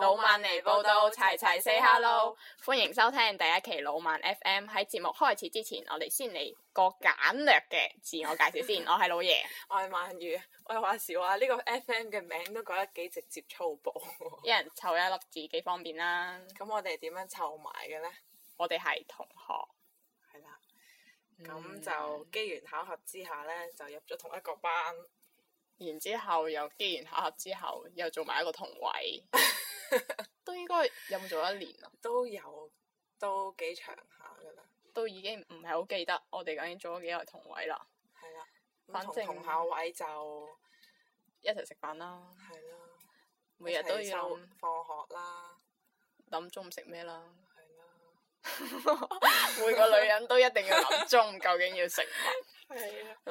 老鰻嚟報道，齊齊 say hello，歡迎收聽第一期老鰻 FM。喺節目開始之前，我哋先嚟個簡略嘅自我介紹先。 我係老爺，我係鰻魚，我係話少話。呢、這個 FM 嘅名都覺得幾直接粗暴。 人一人湊一粒字幾方便啦。咁我哋點樣湊埋嘅呢？我哋係同學，係啦。咁就機緣、嗯、巧合之下呢，就入咗同一個班。然後之後又機緣巧合之後又做埋一個同位， 都應該有冇做一年啊？都有，都幾長下噶啦。都已經唔係好記得，我哋究竟做咗幾耐同位啦。係啦、啊。反正同校位就一齊食飯啦。係啦、啊。每日都要放學啦，諗中午食咩啦？ 每個女人都一定要諗中，究竟要食乜？ 的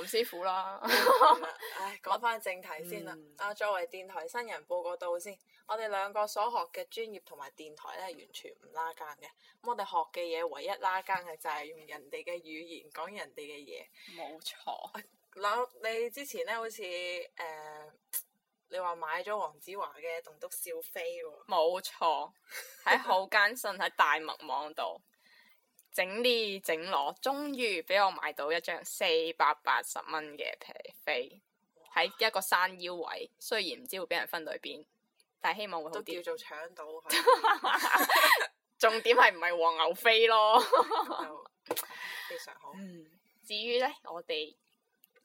林師傅啦。 唉，講翻正題先啦。嗯、啊，作為電台新人報個到先。我哋兩個所學嘅專業同埋電台咧，完全唔拉更嘅。咁我哋學嘅嘢唯一拉更嘅就係用人哋嘅語言講人哋嘅嘢。冇錯。嗱、啊、你之前咧，好似誒。呃你話買咗黃子華嘅《棟篤笑》飛喎？冇錯，喺好艱辛喺大麥網度整呢整攞，終於俾我買到一張四百八十蚊嘅皮飛，喺哇一個山腰位。雖然唔知會俾人分到去邊，但係希望會好啲。都叫做搶到， 重點係唔係黃牛飛咯。 非常好。嗯。至於咧，我哋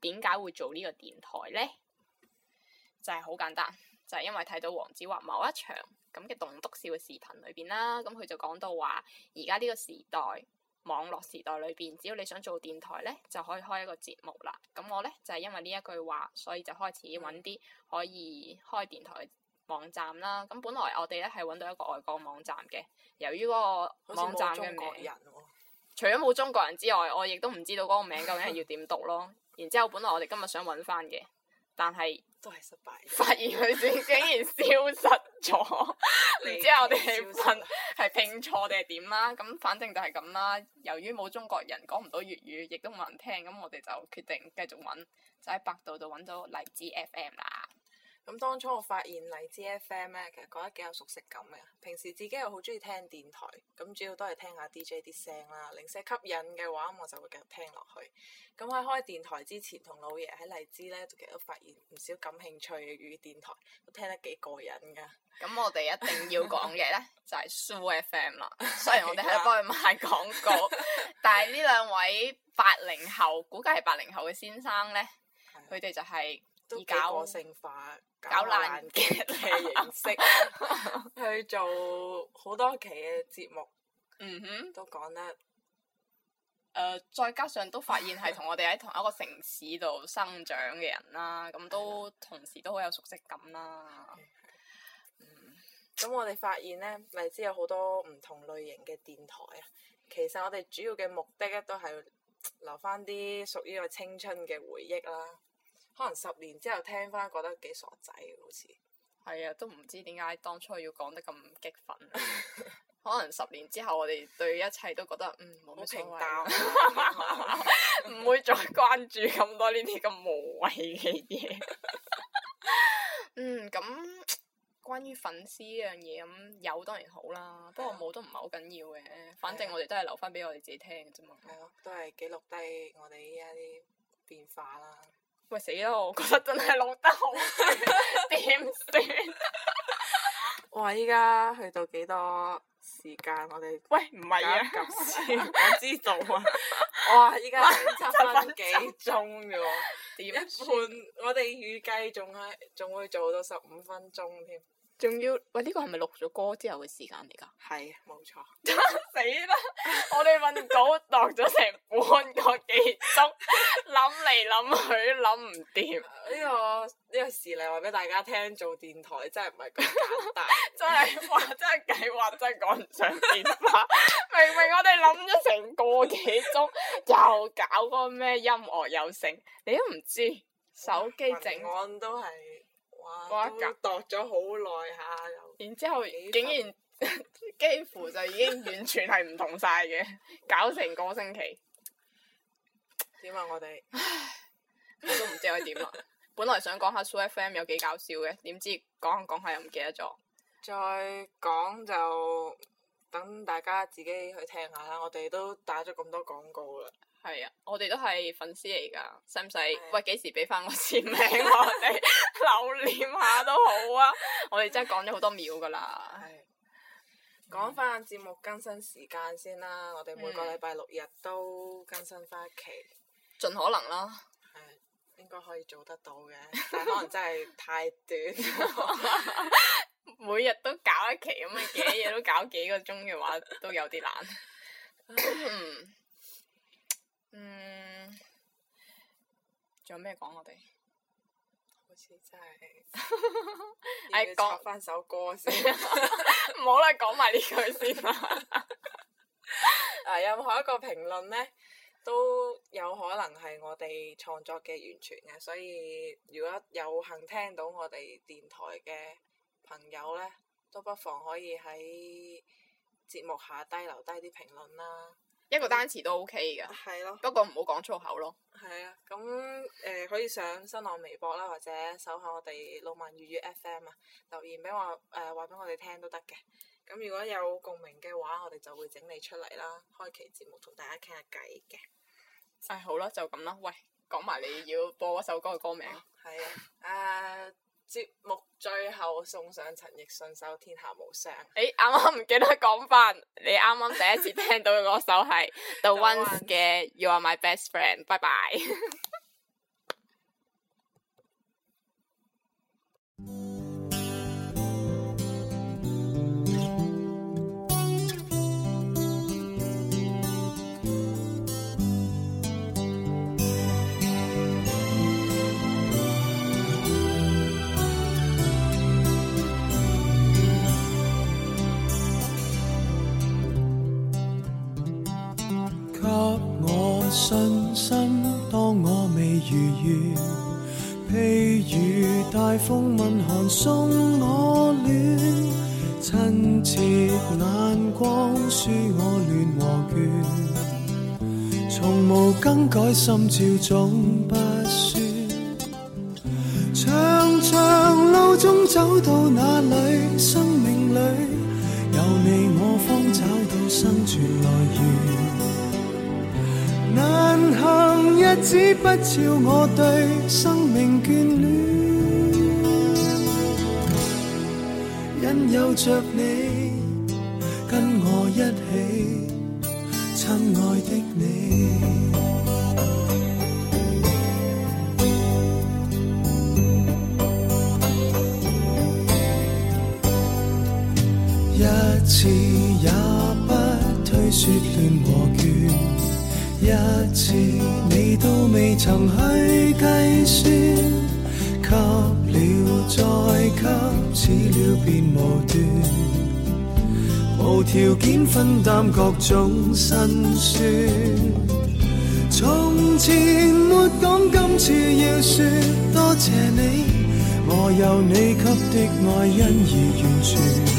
點解會做呢個電台咧？就係好簡單，就係因為睇到黃子華某一場咁嘅棟篤笑嘅視頻裏邊啦，咁佢就講到話而家呢個時代，網絡時代裏邊，只要你想做電台咧，就可以開一個節目啦。咁我咧就係因為呢一句話，所以就開始揾啲可以開電台網站啦。咁本來我哋咧係揾到一個外國網站嘅，由於嗰個網站嘅名，人哦、除咗冇中國人之外，我亦都唔知道嗰個名究竟係要點讀咯。 然之後本來我哋今日想揾返嘅，但係。都係失敗。發現佢哋竟然消失咗、 啊，唔知係我哋起份係拼錯定係點啦？咁反正就係咁啦。由於冇中國人講唔到粵語，亦都冇人聽，咁我哋就決定繼續揾，就喺百度度揾到荔枝 FM 啦。咁當初我發現荔枝 FM 咧，其實覺得幾有熟悉感嘅。平時自己又好中意聽電台，咁主要都係聽下 DJ 啲聲啦。零舍吸引嘅話，我就會繼續聽落去。咁喺開電台之前，同老爺喺荔枝咧，其實都發現唔少感興趣嘅粵語電台，都聽得幾過癮㗎。咁我哋一定要講嘅咧， 就係 Sue FM 啦。雖然我哋係幫佢賣廣告， 但係呢兩位八零後，估計係八零後嘅先生咧，佢哋 就係、是。以個性化、搞爛嘅形式， 去做好多期嘅節目，嗯哼，都講得、呃。再加上都發現係同我哋喺同一個城市度生長嘅人啦，咁 都 同時都好有熟悉感啦。 嗯，咁我哋發現呢，咪知有好多唔同類型嘅電台啊。其實我哋主要嘅目的咧，都係留翻啲屬於個青春嘅回憶啦。可能十年之後聽翻覺得幾傻仔，好似係啊，都唔知點解當初要講得咁激憤。 可能十年之後，我哋對一切都覺得嗯冇乜所謂，唔 會再關注咁多呢啲咁無謂嘅嘢。 嗯，咁關於粉絲呢樣嘢，咁有當然好啦，啊、不過冇都唔係好緊要嘅，啊、反正我哋都係留翻俾我哋自己聽嘅啫嘛。係咯、啊，都係記錄低我哋依家啲變化啦。 咪死咯！我覺得真係錄得好，點算？哇！依家去到幾多時間？我哋喂唔係啊！急先，我知道啊！哇！依家七分幾鐘㗎喎，一半我哋預計仲係仲會做到十五分鐘添。仲要喂呢個係咪錄咗歌之後嘅時間嚟㗎？係，冇錯。慘 死啦！我哋搵稿落咗成半個幾鐘，諗嚟諗去諗唔掂。呢個呢個事例話俾大家聽，做電台真係唔係咁簡單。真係話真係計劃真係趕唔上變化。 明明我哋諗咗成個幾鐘，又搞嗰個咩音樂有聲，你都唔知手機整案都係。一格哇度咗好耐下，然之後十竟然 幾乎就已經完全係唔同晒嘅， 搞成個星期。點啊！我哋 我都唔知可以點啦。本來想講下 Super FM 有幾搞笑嘅，點知講下講下又唔記得咗。再講就～等大家自己去聽下啦，我哋都打咗咁多廣告啦。係啊，我哋都係粉絲嚟噶，使唔使？啊、喂，幾時俾翻我簽名？ 我哋留念下都好啊！我哋真係講咗好多秒噶啦，係、啊。講翻節目更新時間先啦，嗯、我哋每個禮拜六日都更新翻一期。盡可能咯。係、啊，應該可以做得到嘅， 但係可能真係太短。 每日都搞一期咁嘅幾嘢都搞幾個鐘嘅話，都有啲難。 嗯，仲有咩講我哋？好似真係， 哎，要插翻首歌先。唔好啦，講埋呢句先啦。 任何一個評論呢，都有可能係我哋創作嘅源泉嘅，所以如果有幸聽到我哋電台嘅。朋友呢，都不妨可以喺節目下低留低啲評論啦。一個單詞都 OK 嘅， 對不過唔好講粗口咯。係啊，咁誒、呃、可以上新浪微博啦，或者搜下我哋《浪漫粵語 FM》啊，留言俾我誒話俾我哋聽都得嘅。咁如果有共鳴嘅話，我哋就會整理出嚟啦，開期節目同大家傾下偈嘅。誒、哎、好啦，就咁啦。喂，講埋你要播一首歌嘅歌名。係 啊，誒。啊 節目最後送上陳奕迅首《天下無雙》欸。誒，啱啱唔記得講翻，你啱啱第一次聽到嘅嗰首係 The One 嘅《You Are My Best Friend》bye bye。拜拜。給我信心，當我未如願，披雨戴風問寒送我暖，親切眼光舒我亂和倦，從無更改心照總不宣，長長路中走到哪裏？只不照我對生命眷戀，因 有着你跟我一起，親愛的你， 一次也不推說亂和倦。一次你都未曾去計算，給了再給，始了便無端，無條件分擔各種辛酸。從前沒講，今次要説多謝你，我有你給的愛，因而完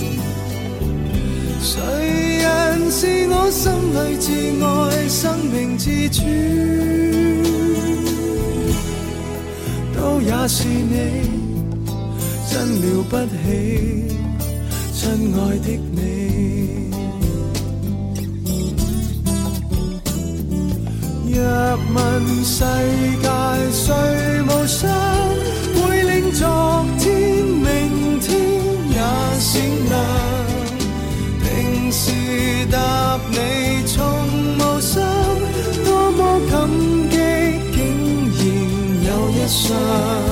全。誰人是我心裏至愛生命支柱？都也是你，真了不起，親愛的你。若問世界誰無雙，會令昨天明天也閃亮。答你從無心，多麼感激，竟然有一雙。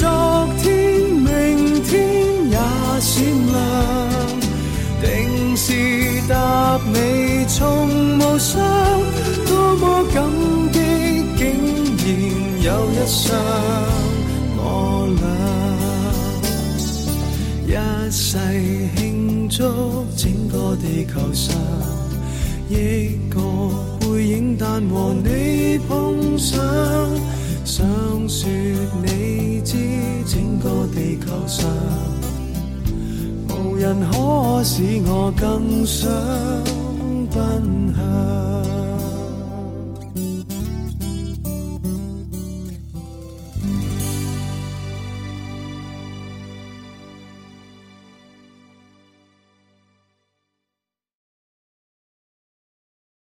昨天、明天也閃亮，定是答你從無雙。多麼感激，竟然有一雙我倆一世慶祝整個地球上億個背影，但和你碰上，想說你。地球上，無人可使我更想奔向。